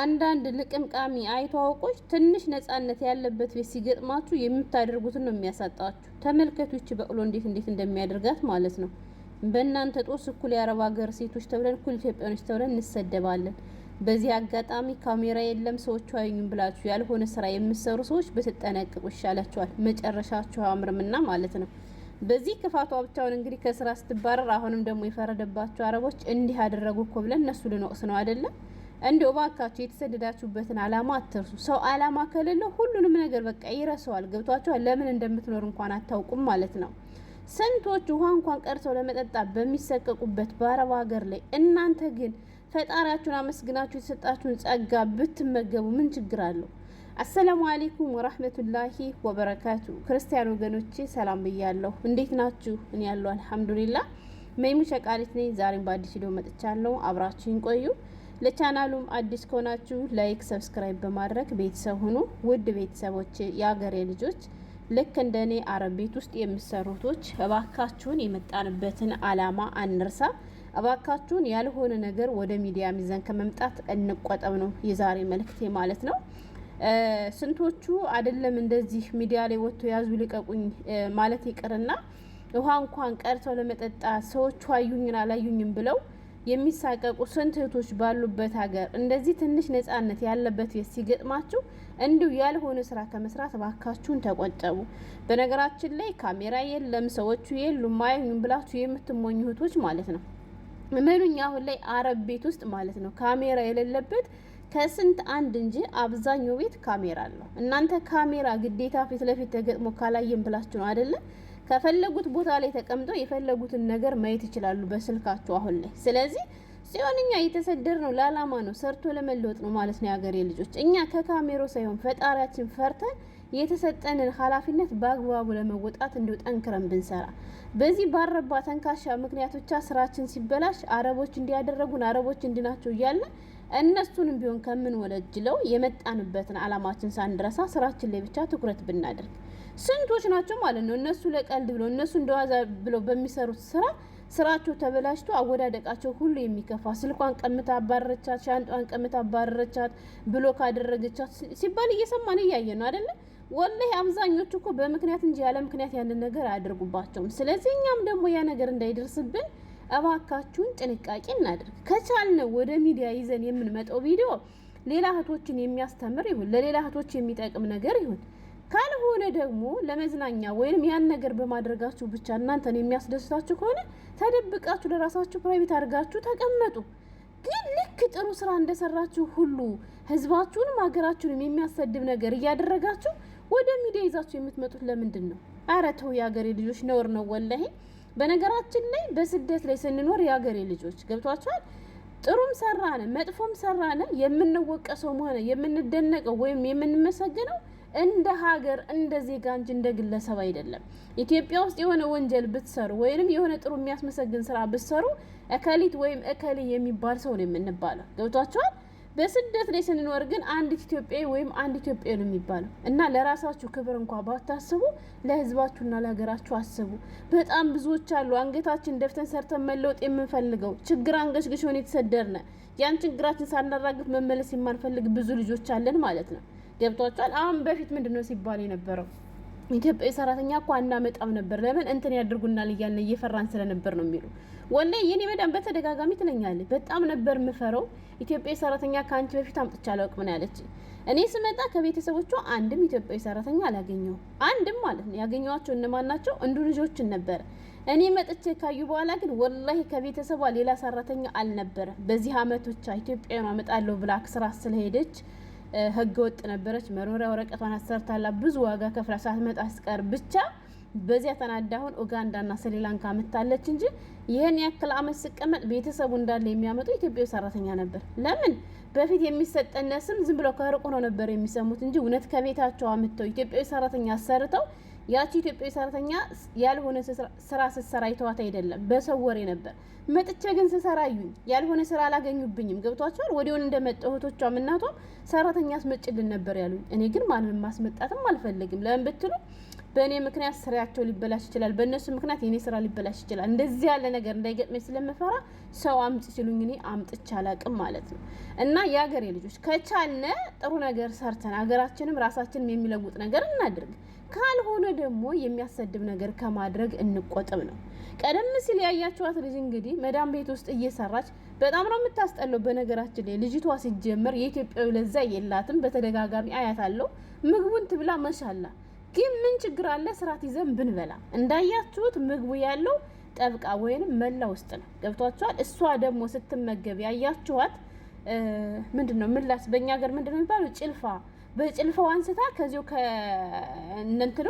አንዳንድ ልቅምቃሚ አይቶ አውቆች ትንሽ ነጻነት ያለበት ቤት ሲገጥማችሁ የምታደርጉትን ነው የሚያሳጣችሁ። ተመልከቱ፣ ች በቅሎ እንዴት እንዴት እንደሚያደርጋት ማለት ነው። በእናንተ ጦስ እኩል የአረብ ሀገር ሴቶች ተብለን እኩል ኢትዮጵያኖች ተብለን እንሰደባለን። በዚህ አጋጣሚ ካሜራ የለም ሰዎቹ አይኙም ብላችሁ ያልሆነ ስራ የምሰሩ ሰዎች በተጠነቀቁ ይሻላችኋል። መጨረሻችሁ አምርምና ማለት ነው። በዚህ ክፋቷ ብቻውን እንግዲህ ከስራ ስትባረር አሁንም ደግሞ የፈረደባቸው አረቦች እንዲህ አደረጉ እኮ ብለን እነሱ ልንወቅስ ነው አይደለም እንደው እባካችሁ የተሰደዳችሁበትን አላማ አትርሱ። ሰው አላማ ከሌለው ሁሉንም ነገር በቃ ይረሰዋል። ገብቷችኋል? ለምን እንደምትኖር እንኳን አታውቁም ማለት ነው። ስንቶች ውሃ እንኳን ቀርተው ለመጠጣት በሚሰቀቁበት በአረብ ሀገር ላይ እናንተ ግን ፈጣሪያችሁን አመስግናችሁ የተሰጣችሁን ጸጋ ብትመገቡ ምን ችግር አለው? አሰላሙ አሌይኩም ወራህመቱላሂ ወበረካቱ። ክርስቲያን ወገኖቼ ሰላም ብያለሁ። እንዴት ናችሁ? እኔ ያለው አልሐምዱሊላ። መይሙ ሸቃሪት ነኝ። ዛሬም በአዲስ ሂዶ መጥቻለሁ። አብራችሁን ቆዩ። ለቻናሉም አዲስ ከሆናችሁ ላይክ፣ ሰብስክራይብ በማድረግ ቤተሰብ ሁኑ። ውድ ቤተሰቦች፣ የአገሬ ልጆች ልክ እንደ እኔ አረብ ቤት ውስጥ የምሰሩቶች እባካችሁን የመጣንበትን አላማ አንርሳ። እባካችሁን ያልሆነ ነገር ወደ ሚዲያ ሚዘን ከመምጣት እንቆጠብ ነው የዛሬ መልእክቴ ማለት ነው። ስንቶቹ አይደለም እንደዚህ ሚዲያ ላይ ወጥቶ ያዙ ልቀቁኝ ማለት ይቅርና ውሃ እንኳን ቀርተው ለመጠጣ ሰዎቹ አዩኝን አላዩኝም ብለው የሚሳቀቁ ስንት እህቶች ባሉበት ሀገር እንደዚህ ትንሽ ነጻነት ያለበት ቤት ሲገጥማችሁ እንዲሁ ያልሆነ ስራ ከመስራት ባካችሁን ተቆጠቡ። በነገራችን ላይ ካሜራ የለም ሰዎቹ የሉም አያዩም ብላችሁ የምትሞኙ እህቶች ማለት ነው። ምኑኛ አሁን ላይ አረብ ቤት ውስጥ ማለት ነው ካሜራ የሌለበት ከስንት አንድ እንጂ አብዛኛው ቤት ካሜራ አለው። እናንተ ካሜራ ግዴታ ፊት ለፊት ተገጥሞ ካላየን ብላችሁ ነው አይደለም ከፈለጉት ቦታ ላይ ተቀምጠው የፈለጉትን ነገር ማየት ይችላሉ በስልካቸው አሁን ላይ። ስለዚህ ሲሆን እኛ የተሰደር ነው ለዓላማ ነው ሰርቶ ለመለወጥ ነው ማለት ነው የሀገሬ ልጆች። እኛ ከካሜሮ ሳይሆን ፈጣሪያችን ፈርተን የተሰጠንን ኃላፊነት በአግባቡ ለመወጣት እንዲው ጠንክረን ብንሰራ በዚህ ባረባ ተንካሻ ምክንያቶቻ ስራችን ሲበላሽ አረቦች እንዲያደረጉን አረቦች እንድናቸው እያለን እነሱንም ቢሆን ከምን ወለጅለው የመጣንበትን አላማችን ሳንረሳ ስራችን ላይ ብቻ ትኩረት ብናደርግ ስንቶች ናቸው ማለት ነው። እነሱ ለቀልድ ብለው እነሱ እንደዋዛ ብለው በሚሰሩት ስራ ስራቸው ተበላሽቶ አወዳደቃቸው ሁሉ የሚከፋ ስልኳን ቀምታ አባረረቻት፣ ሻንጧን ቀምታ አባረረቻት ብሎ ካደረገቻት ሲባል እየሰማን እያየ ነው አይደለም። ወላሂ አብዛኞቹ እኮ በምክንያት እንጂ ያለ ምክንያት ያንን ነገር አያደርጉባቸውም። ስለዚህ እኛም ደግሞ ያ ነገር እንዳይደርስብን እባካችሁን ጥንቃቄ እናድርግ። ከቻልነ ወደ ሚዲያ ይዘን የምንመጣው ቪዲዮ ሌላ እህቶችን የሚያስተምር ይሁን፣ ለሌላ እህቶች የሚጠቅም ነገር ይሁን። ካልሆነ ደግሞ ለመዝናኛ ወይም ያን ነገር በማድረጋችሁ ብቻ እናንተን የሚያስደስታችሁ ከሆነ ተደብቃችሁ ለራሳችሁ ፕራይቬት አድርጋችሁ ተቀመጡ። ግን ልክ ጥሩ ስራ እንደሰራችሁ ሁሉ ህዝባችሁንም ሀገራችሁንም የሚያሰድብ ነገር እያደረጋችሁ ወደ ሚዲያ ይዛችሁ የምትመጡት ለምንድን ነው? አረ ተው፣ የሀገሬ ልጆች ነውር ነው ወላሄ በነገራችን ላይ በስደት ላይ ስንኖር የሀገሬ ልጆች ገብቷቸዋል። ጥሩም ሰራነ መጥፎም ሰራነ የምንወቀሰውም ሆነ የምንደነቀው ወይም የምንመሰግነው እንደ ሀገር እንደ ዜጋ እንጂ እንደ ግለሰብ አይደለም። ኢትዮጵያ ውስጥ የሆነ ወንጀል ብትሰሩ ወይንም የሆነ ጥሩ የሚያስመሰግን ስራ ብትሰሩ እከሊት ወይም እከሌ የሚባል ሰው ነው የምንባለው። ገብቷቸዋል። በስደት ላይ ስንኖር ግን አንዲት ኢትዮጵያዊ ወይም አንድ ኢትዮጵያ ነው የሚባለው እና ለራሳችሁ ክብር እንኳ ባታስቡ ለህዝባችሁና ለሀገራችሁ አስቡ። በጣም ብዙዎች አሉ። አንገታችን ደፍተን ሰርተን መለወጥ የምንፈልገው ችግር አንገሽግሽ ሆን የተሰደርነ ያን ችግራችን ሳናራግፍ መመለስ የማንፈልግ ብዙ ልጆች አለን ማለት ነው። ገብቷቸዋል። አሁን በፊት ምንድን ነው ሲባል የነበረው ኢትዮጵያዊ ሰራተኛ እኳ እናመጣም ነበር ለምን እንትን ያደርጉናል እያልን እየፈራን ስለነበር ነው የሚሉ ወላሂ የኔ መዳም በተደጋጋሚ ትለኛለች። በጣም ነበር የምፈረው ኢትዮጵያዊ ሰራተኛ ከአንቺ በፊት አምጥቼ አላውቅም ነው ያለች። እኔ ስመጣ ከቤተሰቦቿ አንድም ኢትዮጵያዊ ሰራተኛ አላገኘው አንድም ማለት ነው። ያገኘዋቸው እነማን ናቸው? እንዱ ልጆችን ነበር። እኔ መጥቼ ካዩ በኋላ ግን ወላሂ ከቤተሰቧ ሌላ ሰራተኛ አልነበረ። በዚህ አመት ብቻ ኢትዮጵያውያን አመጣለሁ ብላ ስራ ስለሄደች ህገወጥ ነበረች። መኖሪያ ወረቀቷን አሰርታላ ብዙ ዋጋ ከፍላ ሳትመጣ አስቀር ብቻ በዚያ አሁን ኡጋንዳና ስሪላንካ መታለች እንጂ ይህን ያክል አመት ስቀመጥ ቤተሰቡ እንዳለ የሚያመጡ ኢትዮጵያዊ ሰራተኛ ነበር። ለምን በፊት የሚሰጠነ ስም ዝም ብለው ከርቁ ነው ነበር የሚሰሙት እንጂ እውነት ከቤታቸው አምጥተው ኢትዮጵያዊ ሰራተኛ አሰርተው ያቺ ኢትዮጵያዊ ሰራተኛ ያልሆነ ስራ ስሰራ ይተዋት አይደለም፣ በሰው ወሬ ነበር። መጥቼ ግን ስሰራ አዩኝ፣ ያልሆነ ስራ አላገኙብኝም። ገብቷቸዋል። ወዲያውን እንደመጣ እህቶቿም እናቷም ሰራተኛ አስመጭልን ነበር ያሉኝ። እኔ ግን ማንም ማስመጣትም አልፈልግም። ለምን ብትሉ በእኔ ምክንያት ስራቸው ሊበላሽ ይችላል፣ በእነሱ ምክንያት የኔ ስራ ሊበላሽ ይችላል። እንደዚህ ያለ ነገር እንዳይገጥመኝ ስለምፈራ ሰው አምጭ ሲሉኝ እኔ አምጥቼ አላቅም ማለት ነው። እና የሀገሬ ልጆች ከቻልነ ጥሩ ነገር ሰርተን ሀገራችንም ራሳችንም የሚለውጥ ነገር እናድርግ። ካልሆነ ደግሞ የሚያሰድብ ነገር ከማድረግ እንቆጥብ ነው። ቀደም ሲል ያያችኋት ልጅ እንግዲህ መዳም ቤት ውስጥ እየሰራች በጣም ነው የምታስጠለው። በነገራችን ላይ ልጅቷ ሲጀመር የኢትዮጵያዊ ለዛ የላትም። በተደጋጋሚ አያት አለው ምግቡን ትብላ መሻላ ግን ምን ችግር አለ? ስርዓት ይዘን ብንበላ። እንዳያችሁት ምግቡ ያለው ጠብቃ ወይንም መላ ውስጥ ነው። ገብቷችኋል? እሷ ደግሞ ስትመገብ ያያችኋት ምንድን ነው ምላስ፣ በእኛ ሀገር ምንድን ነው የሚባለው? ጭልፋ በጭልፋው አንስታ ከዚሁ ከእነንትኑ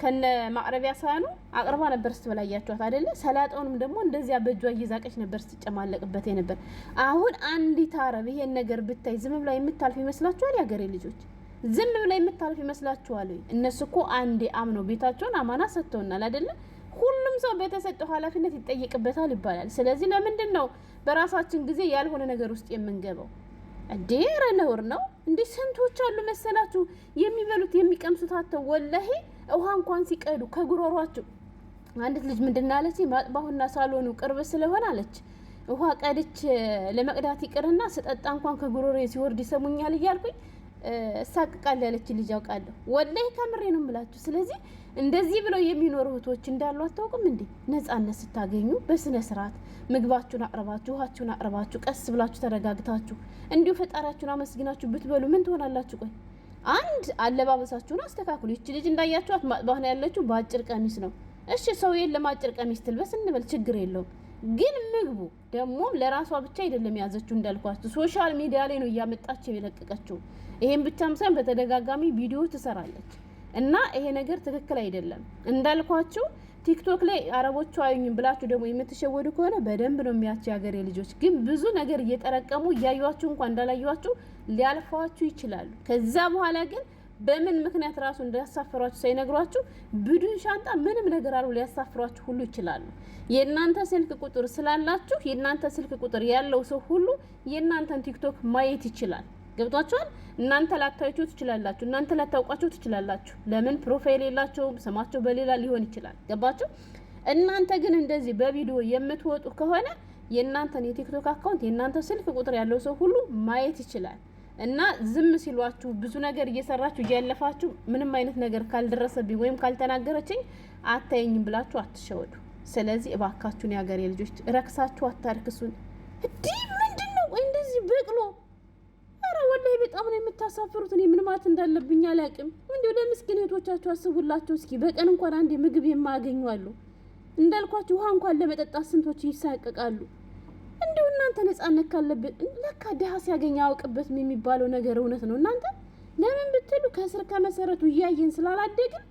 ከነ ማቅረቢያ ሳህኑ አቅርባ ነበር ስትበላ እያችኋት አይደለ? ሰላጣውንም ደግሞ እንደዚያ በእጇ እየዛቀች ነበር ስትጨማለቅበት ነበር። አሁን አንዲት አረብ ይሄን ነገር ብታይ ዝም ብላ የምታልፍ ይመስላችኋል? የሀገሬ ልጆች ዝም ብላ የምታልፍ ይመስላችኋል? እነሱ እኮ አንዴ አምነው ቤታቸውን አማና ሰጥተውናል አይደለም? ሁሉም ሰው በተሰጠው ኃላፊነት ይጠየቅበታል ይባላል። ስለዚህ ለምንድን ነው በራሳችን ጊዜ ያልሆነ ነገር ውስጥ የምንገበው? እንዴ ኧረ ነውር ነው እንዴ! ስንቶች አሉ መሰላችሁ የሚበሉት የሚቀምሱት አተው ወላሂ ውሃ እንኳን ሲቀዱ ከጉሮሯቸው። አንዲት ልጅ ምንድን አለች? ማጥባሁና ሳሎኑ ቅርብ ስለሆነ አለች ውሃ ቀድች ለመቅዳት ይቅርና ስጠጣ እንኳን ከጉሮሬ ሲወርድ ይሰሙኛል እያልኩኝ እሳቅቃለሁ ያለች ልጅ አውቃለሁ። ወላሂ ከምሬ ነው ምላችሁ። ስለዚህ እንደዚህ ብለው የሚኖሩ እህቶች እንዳሉ አታውቁም እንዴ? ነጻነት ስታገኙ በስነ ስርዓት ምግባችሁን አቅርባችሁ ውሃችሁን አቅርባችሁ ቀስ ብላችሁ ተረጋግታችሁ እንዲሁ ፈጣሪያችሁን አመስግናችሁ ብትበሉ ምን ትሆናላችሁ? ቆይ አንድ አለባበሳችሁን አስተካክሉ። ይቺ ልጅ እንዳያችኋት ማጥባህ ነው ያለችው፣ በአጭር ቀሚስ ነው። እሺ ሰው የለም አጭር ቀሚስ ትልበስ እንበል፣ ችግር የለውም ግን ምግቡ ደግሞ ለራሷ ብቻ አይደለም የያዘችው፣ እንዳልኳችሁ ሶሻል ሚዲያ ላይ ነው እያመጣች የለቀቀችው። ይሄን ብቻም ሳይሆን በተደጋጋሚ ቪዲዮ ትሰራለች እና ይሄ ነገር ትክክል አይደለም። እንዳልኳችሁ ቲክቶክ ላይ አረቦቹ አዩኝም ብላችሁ ደግሞ የምትሸወዱ ከሆነ በደንብ ነው የሚያቸው የሀገሬ ልጆች። ግን ብዙ ነገር እየጠረቀሙ እያዩችሁ እንኳ እንዳላዩችሁ ሊያልፏችሁ ይችላሉ። ከዛ በኋላ ግን በምን ምክንያት ራሱ እንዳያሳፍሯችሁ ሳይነግሯችሁ ብዱን ሻንጣ ምንም ነገር አሉ ሊያሳፍሯችሁ ሁሉ ይችላሉ። የእናንተ ስልክ ቁጥር ስላላችሁ የእናንተ ስልክ ቁጥር ያለው ሰው ሁሉ የእናንተን ቲክቶክ ማየት ይችላል። ገብቷችኋል። እናንተ ላታዩቸው ትችላላችሁ። እናንተ ላታውቋቸው ትችላላችሁ። ለምን ፕሮፋይል የላቸውም፣ ስማቸው በሌላ ሊሆን ይችላል። ገባቸው። እናንተ ግን እንደዚህ በቪዲዮ የምትወጡ ከሆነ የእናንተን የቲክቶክ አካውንት የእናንተ ስልክ ቁጥር ያለው ሰው ሁሉ ማየት ይችላል። እና ዝም ሲሏችሁ ብዙ ነገር እየሰራችሁ እያለፋችሁ ምንም አይነት ነገር ካልደረሰብኝ ወይም ካልተናገረችኝ አታየኝም ብላችሁ አትሸወዱ። ስለዚህ እባካችሁን የሀገሬ ልጆች ረክሳችሁ አታርክሱን። እንዲህ ምንድን ነው ወይ እንደዚህ በቅሎ? ኧረ ወላሂ በጣም ነው የምታሳፍሩት። እኔ ምን ማለት እንዳለብኝ አላቅም። እንዲ ወደ እህቶቻችሁ አስቡላቸው እስኪ። በቀን እንኳን አንዴ ምግብ የማያገኙ አሉ። እንዳልኳችሁ ውሃ እንኳን ለመጠጣት ስንቶች ይሳቀቃሉ። እንዲሁ እናንተ ነጻነት ካለብን ለካ ድሀ ሲያገኝ አያውቅበትም የሚባለው ነገር እውነት ነው እናንተ ለምን ብትሉ ከስር ከመሰረቱ እያየን ስላላደግን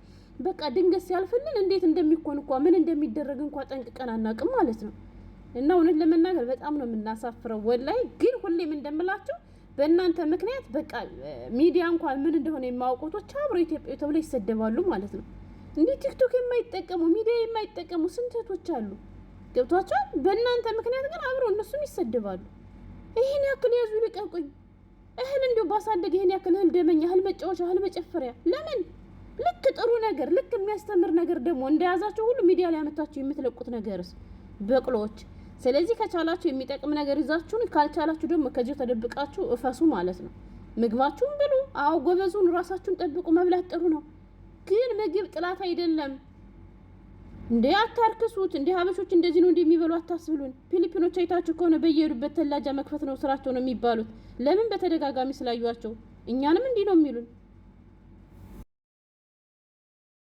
በቃ ድንገት ሲያልፍልን እንዴት እንደሚኮን እኳ ምን እንደሚደረግ እንኳ ጠንቅቀን አናውቅም ማለት ነው። እና እውነት ለመናገር በጣም ነው የምናሳፍረው። ወላይ ግን ሁሌም እንደምላቸው በእናንተ ምክንያት በቃ ሚዲያ እንኳን ምን እንደሆነ የማያውቁቶች አብሮ ኢትዮጵያ ተብሎ ይሰደባሉ ማለት ነው። እንዲህ ቲክቶክ የማይጠቀሙ ሚዲያ የማይጠቀሙ ስንተቶች አሉ። ገብቷቸዋል። በእናንተ ምክንያት ግን አብሮ እነሱም ይሰደባሉ። ይህን ያክል ያዙ ልቀቁኝ። እህል እንዲሁ ባሳደግ ይህን ያክል እህል ደመኛ፣ እህል መጫወቻ፣ እህል መጨፈሪያ ለምን? ልክ ጥሩ ነገር ልክ የሚያስተምር ነገር ደግሞ እንደያዛቸው ሁሉ ሚዲያ ላይ ያመታቸው የምትለቁት ነገርስ በቅሎዎች። ስለዚህ ከቻላችሁ የሚጠቅም ነገር ይዛችሁን፣ ካልቻላችሁ ደግሞ ከዚሁ ተደብቃችሁ እፈሱ ማለት ነው። ምግባችሁን ብሉ። አዎ ጎበዙን፣ ራሳችሁን ጠብቁ። መብላት ጥሩ ነው፣ ግን ምግብ ጥላት አይደለም። እንዴ አታርክሱት። እንዴ ሀበሾች እንደዚህ ነው የሚበሉ አታስብሉን። ፊሊፒኖች አይታችሁ ከሆነ በየሄዱበት ተላጃ መክፈት ነው ስራቸው ነው የሚባሉት። ለምን በተደጋጋሚ ስላዩቸው እኛንም እንዲህ ነው የሚሉን።